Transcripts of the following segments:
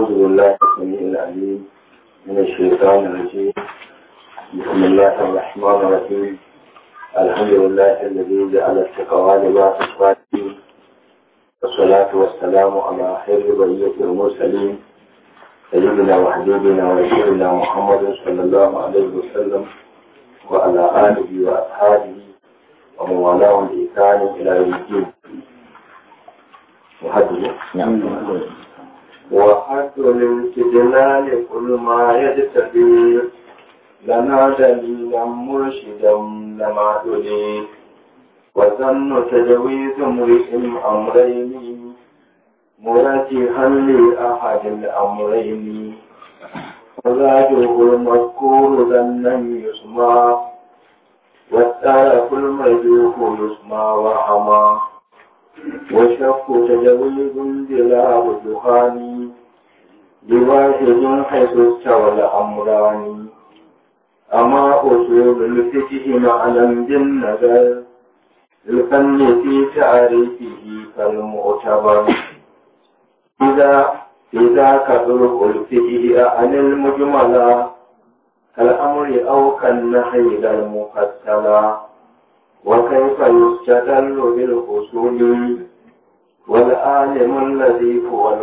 أعوذ بالله السميع العليم من الشيطان الرجيم بسم الله الرحمن الرحيم الحمد لله الذي جعل التقوى لباس الصالحين والصلاة والسلام على خير بقية المرسلين سيدنا وحبيبنا ورسولنا محمد صلى الله عليه وسلم وعلى آله وأصحابه ومن والاهم بإحسان إلى يوم الدين محدد نعم للاستدلال كل ما يجتبي لنا دليلا مرشدا لما دلي وظن تجويز امرئ امرين مرجحا لاحد الامرين فزاده المذكور ظنا يسمى والترك المرجوح يسمى وعمى وشك تجويز بلا رجحان bashi ruwan haifu cewa da amurani amma ko su yi da lokaci ma alamdin nazar lukan ne fi ta arifi yi kalin mota ba iza iza ka zuru kulfi iya anil mujmala al'amuri aukan na hayyar mukattala wa kai fa yusjadal lo bil usuli wal alimul ladhi fu wal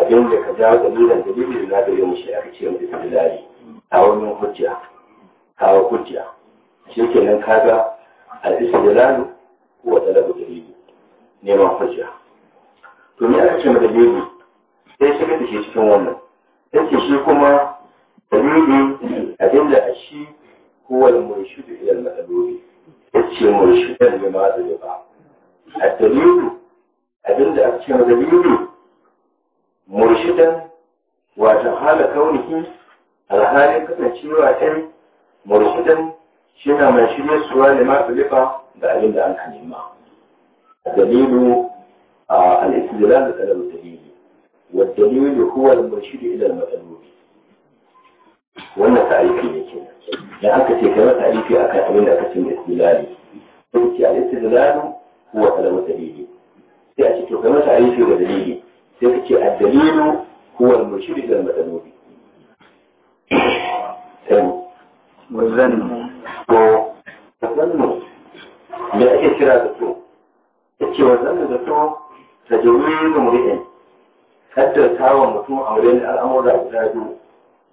abin da ka jawo dalilan dalilin na da mashi shi aka ce mu istidlali kawo min hujja kawo hujja shi kenan kaga al-istidlalu huwa talabu dalili neman hujja to me aka ce mu dalili sai shi da shi cikin wannan sai shi kuma dalili abin da shi huwa al-murshidu ila al-madaloli yace murshidan ne ma da ba الدليل abinda aka ce dalili murshidan wato hala kaunihi alhalin kasancewa ɗin murshidan shi na mai shirya suwa da ma'azulifa da abin da an ka nema dalilu a istidlal da talab dalili wa dalilu huwa al da ila al-matlub wannan ta'arifi ne ke da aka ce kamar ta'arifi akan abin da aka ce istidlali sai ce al-istidlal huwa talab dalili sai a ce to kamar ta'arifi da dalili sai ka ce addalilu huwa al-mushrik da madanubi sai muzannu ko muzannu me ake kira da to yace muzannu da to ta mu mur'in haddata wa mutum amrin al'amura guda biyu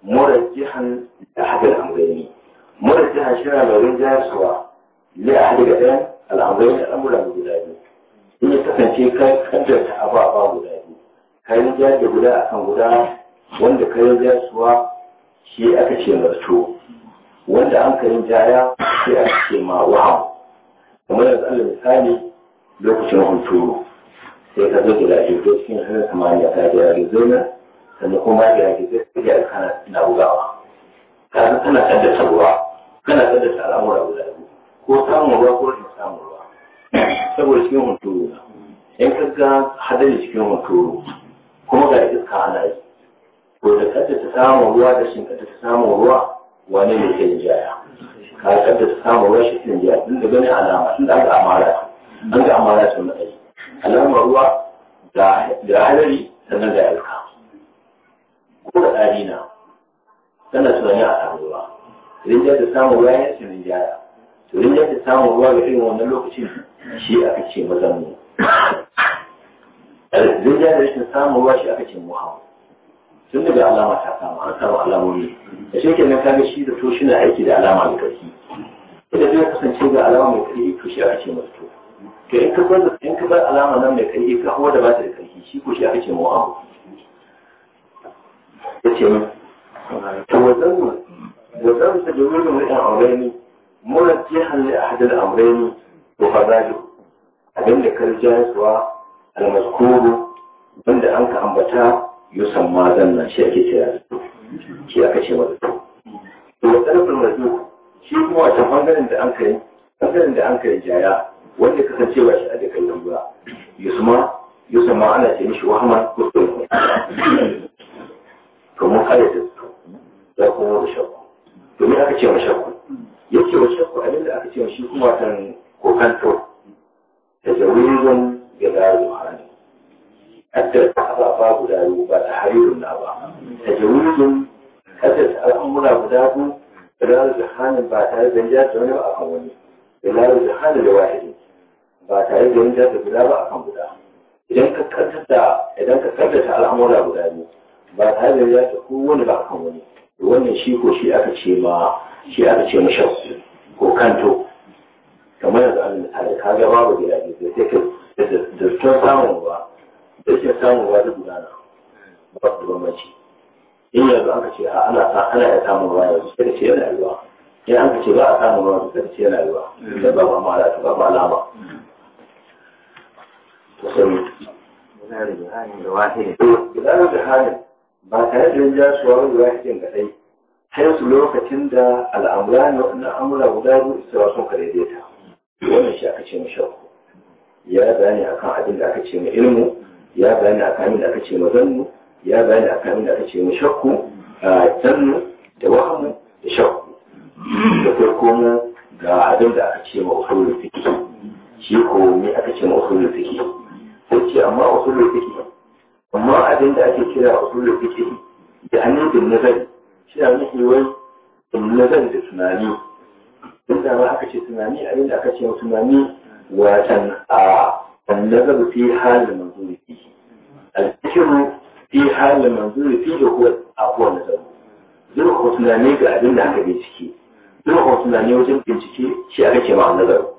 murajjihan da hadal amrayni murajjihan shi ne mai rinjayarsuwa li ahadi ga ɗayan al'amrayni al'amura guda biyu in ya kasance kai haddata ababa guda kayan jihar guda a kan guda wanda kayan jihar suwa shi aka ce marto wanda an kayan jaya sai aka ce ma waham kamar yanzu allah misali lokacin hunturu sai ka zo gida ke to cikin hannun samaniya ta jihar arizona sannan kuma jihar arizona jihar kana na bugawa kaga kana taddasa ruwa kana taddasa al'amura guda biyu ko samun ruwa ko rashin samun ruwa saboda cikin hunturu in ka ga hadari cikin hunturu kuma da iska ana yi ko da kada ta samu ruwa da shin kada ta samu ruwa wani ne ke jaya ka kada ta samu ruwa shi ke jaya tun da gani alama tun da aka amara an ga amara sun da ai alamar ruwa da hadari sannan da iska ko da ɗari na su ne a samu ruwa rinjar da samu ruwa ya ce rinjaya to rinjar da samu ruwa ga irin wannan lokacin shi aka ce mazan mu zai ja da rashin samun ruwa shi aka ce muhawa tun daga alama ta samu an samu alamomi da shi kenan kaga shi da to shi na aiki da alama mai karfi da zai kasance ga alama mai karfi to shi aka ce masu to to in ka bar in ka bar alama nan mai karfi ka hawa da ba ta da karfi shi ko shi aka ce muhawa yace mun to wazan wazan ta da wurin mai aureni murajjihan li ahad al-amrayni wa fadalu abinda karja suwa al-mazkuru wanda an ka ambata yusamma zanna shi ake cewa shi aka ce masa to to talabul mazkur shi kuma wata bangaren da an kai bangaren da an kai jaya wanda kasancewa shi a dukkan lamba yusma yusma ana ce mishi wahama kuskure to mun kare da su da kuma da shakku domin aka ce wa shakku yake wa shakku abinda aka ce wa shi kuma watan kokanto tajawizun ya gano harami haddar ababa guda biyu ba ta harirun na ba Ta da jawuzin haddar al'amura guda biyu da lalu da hannun ba tare da ya da wani ba akan wani da lalu da hannun da wahidi ba tare da ya da guda ba akan guda idan ka kaddata idan ka kaddata al'amura guda biyu ba tare da ya da wani ba akan wani wannan shi ko shi aka ce ma shi aka ce ma shakku ko kanto kamar yanzu an misali ka ga babu gidaje sai sai da tun samun ba da ke samun ba da gudana ba ku bambanci in yanzu aka ce a ana sa ana ya samun ba yanzu sai ce yana yiwa in aka ce ba a samun ba yanzu sai ce yana yiwa da ba ma mala ta ba ma alama to sai gudanar da hannun ba tare da rinja su wani wahidin kaɗai sai su lokacin da al'amura na amura guda biyu su wasu ka daidaita wannan shi aka ce mashakku ya bayani akan abin da aka ce mai ilmu ya bayani akan abin da aka ce mai zannu ya bayani akan abin da aka ce mai shakku zannu da wahamu da shakku da farko mu ga abin da aka ce mai usulul fiqh shi ko me aka ce mai usulul fiqh sai ce amma usulul fiqh amma abin da ake kira usulul fiqh da annabin nazari shi da nake wai nazari da tunani inda ba aka ce tunani abin da aka ce tunani watan a annabar fi halin manzuri fi alfikiru fi halin manzuri fi da kuwa a kowane zama zuwa ko tunani ga abin da aka bincike zuwa ko tunani wajen bincike shi aka ce ma'a nazar ko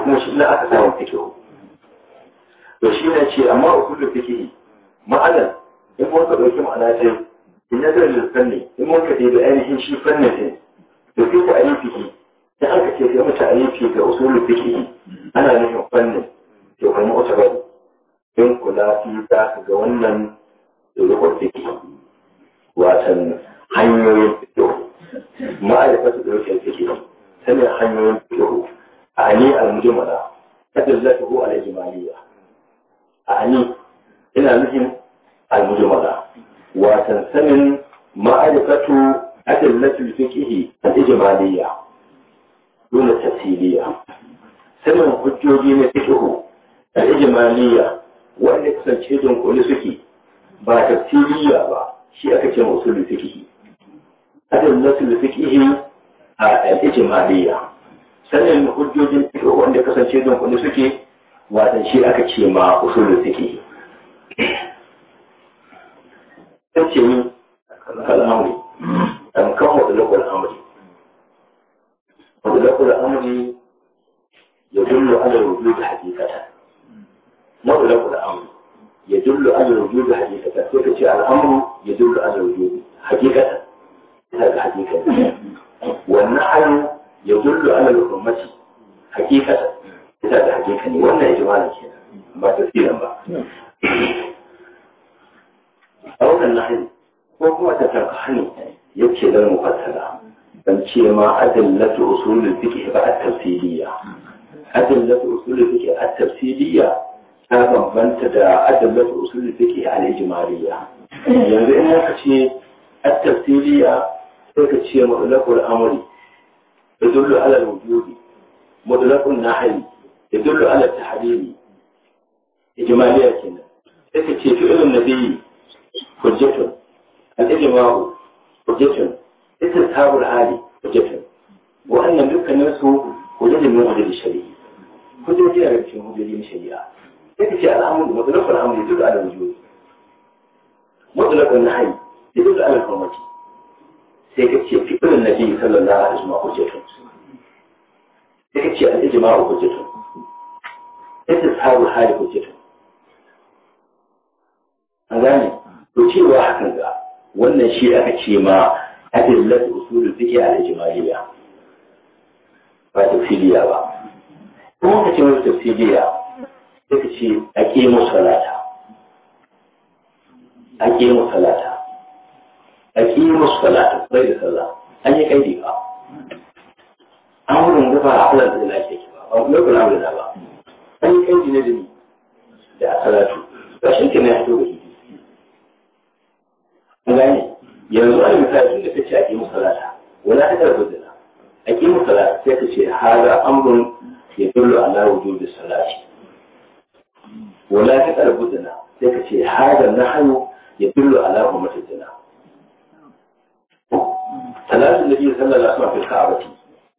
kuma shi na aka samun fikiru to shi ce amma ukullu fikiri ma'anar in mun ka ɗauki ma'ana ta in mun shi fannin da aka ce ga mutane ke ga usulul fiqh ana nufin fannin ke kuma usulul in kula fi za ka ga wannan usulul fiqh watan hanyoyin fiqh ma'arifatu usulul fiqh sanin hanyoyin fiqh ani al-mujmala adillatuhu al-ijmaliyya ani ina nufin al-mujmala watan sanin ma'arifatu adillatul fiqh al-ijmaliyya sanin hujjoji na fiqhu da ijmaliya wanda kusance dunkule suke ba tafsiliya ba shi aka ce usul fiqhi adal nasul fiqhi a ijmaliya sanin hujjojin fiqhu wanda kasance dunkule suke watan shi aka ce ma usul fiqhi kace ni kalamu dan kawo da lokacin مطلق الأمر يدل على الوجود حقيقة مطلق الأمر يدل على الوجود حقيقة كيف جاء الأمر يدل على الوجود حقيقة هذا حقيقة والنعل يدل على الحرمة حقيقة هذا حقيقة وأن إجمالا كده ما تفصيلا بقى أو النحل وهو تتنقحني يبكي للمقتلة ban ce ma adillatu usulul fiqh ba at-tafsiliyya adillatu usulul fiqh at-tafsiliyya ta bambanta da adillatu usulul fiqh al-ijmaliyya yanzu in ka ce at-tafsiliyya sai ka ce mutlaqul amri yadullu ala al-wujubi mutlaqun nahyi yadullu ala at-tahrimi ijmaliyya kenan sai ka ce fi'lun nabiyyi hujjatun al-ijma'u hujjatun istisabul hali hujjatun wa'annan dukkanin su hujjatun min hujjatul shari'i hujjoji a cikin hujjojin shari'a sai ka ce al'amuru mutlaqul amri duk ala wujudi mutlaqul nahyi duk ala hurmati sai ka ce na fi'lun nabi sallallahu alaihi wasallam hujjatun sai ka ce al-ijma'u hujjatun istisabul hali hujjatun an gane to cewa hakan ga wannan shi aka ce ma أدلة أصول الفقه على الإجمالية ba tafsiriya ba kuma ka ce wata tafsiriya sai ka ce a kemo salata a kemo salata a kemo salata da sallah an yi kaidi ba an wurin dafa a halar da lafiya ke ba ba lokacin abu da ba an yi kaidi na da da a salatu ba shi ke na fito da shi gane yanzu an yi tafi da kace ake musalata wala ta karbu da ake musalata sai ka ce hada amrun ya dullu ala wujudi salati wala ta karbu da sai ka ce hada nahyu ya dullu ala ummati dana salatin nabi sallallahu alaihi wasallam fi ka'abati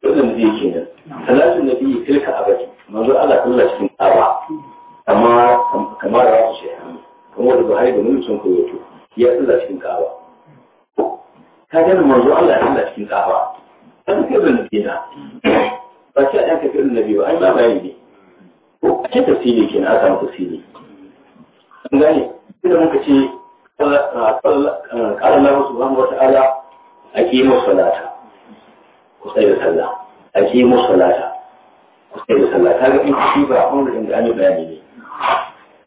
wannan nabi kenan salatin nabi fil ka'abati manzo Allah kullu cikin ka'aba amma kamar rawu shi kamar da Buhari da Muslim ko yato ya tsalla cikin ka'aba ta gani manzo Allah ya Allah cikin kafa kan kirin kenan ba ce an ka kirin nabi ba ai ma bayani ne ko a ce tafsiri kenan a samu tafsiri an gane idan muka ce qala Allah subhanahu wa ta'ala aqimu salata ku sai da sallah aqimu salata ku sai da sallah kaga in ka tiba an da inda an bayani ne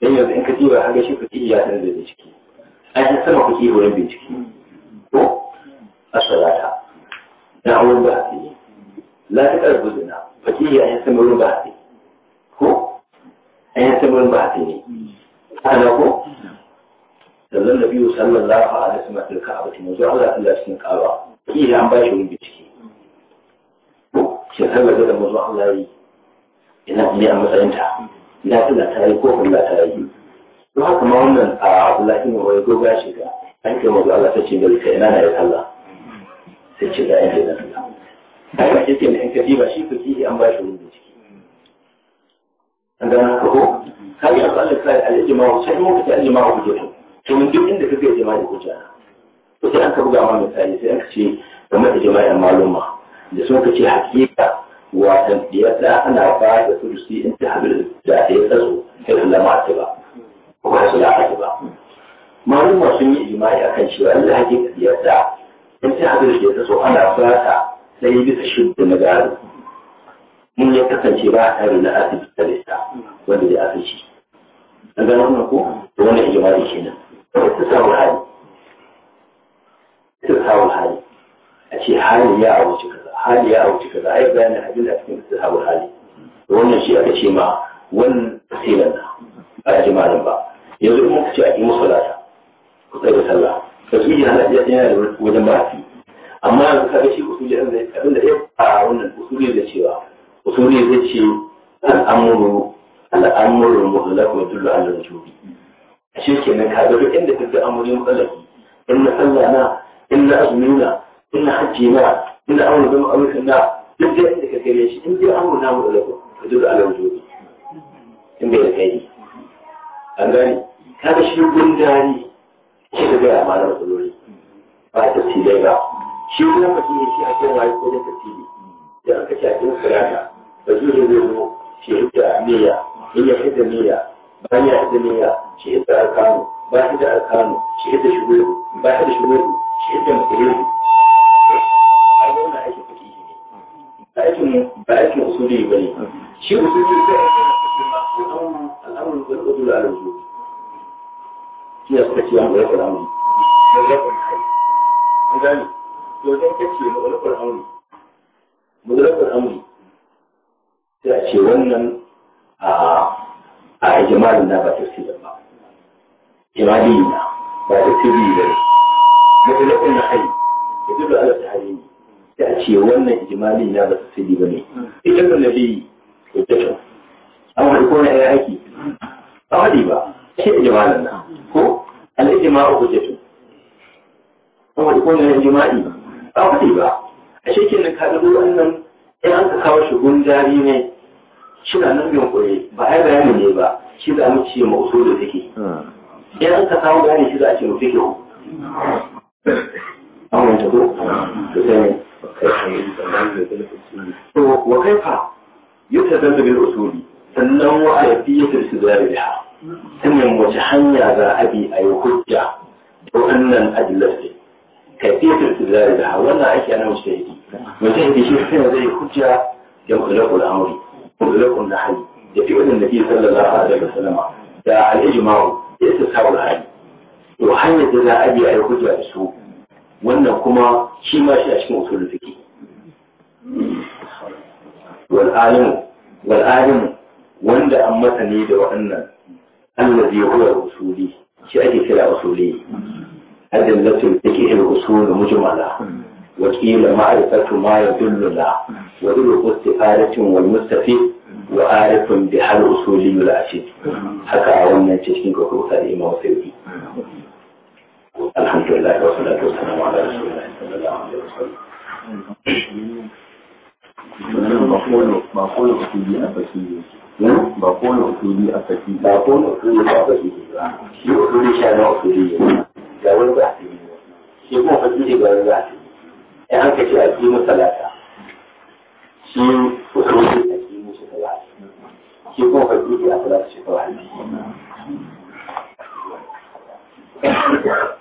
dan yanzu in ka tiba kaga shi ku ya san da ciki ai sama ku tiba wurin bincike asalata na ba awon baki lafiyar guzina baki yi a yin samarin baki ko a yin samarin baki ne a da ko da zan da biyu sallar lafa a da suna tilka a bakin wasu ala tilla cikin kawa baki yi an ba bashi wani bincike. ko shi ta zaga da wasu ala yi ina ne a matsayinta ina tilla ta yi ko kuma ta yi ko haka ma wannan a abu lafiyar wani gobe shiga an kai wasu ala ta ce da rika ina na yi kalla sai ce ga yake da ai ba kike ne kaji ba shi kuki an ba shi rubutu ciki an gana ka ko ka yi abu Allah sai al-ijma'u sai mu kace al-ijma'u hujja to mun duk inda kake ijma'i hujja to sai an ka buga ma misali sai an ka ce kamar ijma'in maluma da sun kace hakika wa dan ana ba da su sulusi in ta habil ce shira a na asibiti ta lista wanda da aka ci an gano wannan ko to wannan ijimali kenan ta samun hali ta samun hali a ce hali ya wuce kaza hali ya wuce kaza ai bayanin abin da cikin ta samun hali wannan shi aka ce ma wannan tasirin na ba a jimalin ba yanzu in ka ce a kimu salata ku tsaye da sallah tasbihi na lafiya yana da wajen ba a amma yanzu ka ga shi usuli abin da ya a wannan usuli da cewa usuli zai ce al'amuru al'amuru muhallaku yadullu ala wujubi ashe kenan ka ga duk inda kaga amuri muhallaku in na sallah na in na azumi na in na hajji na in na amuru da ma'arukan na duk da inda ka gare shi in dai amuru na muhallaku yadullu ala wujubi in bai da kai an gani ka ga shi gundari shi da gaya ma na matsaloli ba ta tilai ba shi kuma mutum ya shi a kyan wayo ko da ta tilai da aka ce a kyan sulata da zo zai zo shi hidda niyya in ya hidda niyya bayan ya hidda niyya shi hidda alkanu bayan hidda alkanu shi hidda shuguru bayan hidda shuguru shi hidda musulmi ai wannan aikin fakihi ne ba aikin ba aikin usuli ne shi usuli ne إجمالي بعد تبيل مطلق النحي يدل على التحريم تأتي وأن إجمالي لا بس تبيل إجمال النبي يدل أو يكون يا أكي أو هديبا شيء إجمالنا هو الإجماع حجته أو يكون إجمالي أو هديبا ashe kenan ka ga wannan in an ka kawo shi gundari ne shi na nan yankuri ba ai bayani ne ba shi za mu ce mausul da take idan ka samu bayani shi za a ce mu fikihu أو ينتظروا بالأسول سنو آياتية الاستدلال بها سنن وجحنيا ذا أبي أي حجة وأن أدلت كيفية الاستدلال بها وأنا أشي أنا مجتهدي مجتهدي شيء فينا زي حجة يمخلق الأمر يمخلق النحل يفعل النبي صلى الله عليه وسلم الإجماع da su samun hali to hanyar da za a biya yi hujja da su wannan kuma shi ma shi a cikin usul fiki wal alimu wal alimu wanda an ne da wannan allazi huwa usuli shi ake kira usuli adillatul fiqh al usul mujmala wa qila ma'rifatu ma yadullu la wa dhul istiqalatin wal mustafid wa arifin bi hal usuli yul haka wannan cikin ga kuka da imam sayyidi alhamdulillah wa salatu wa salam ala rasulillah sallallahu alaihi wasallam ba kowane ba kowane usuli a fasili ba kowane usuli a fasili ba kowane usuli a fasili ba shi usuli sha na usuli ga wani ba shi ba fasili ba wani ba in an kace a cikin masalata shi usuli ke kuma faɗi a talata shekara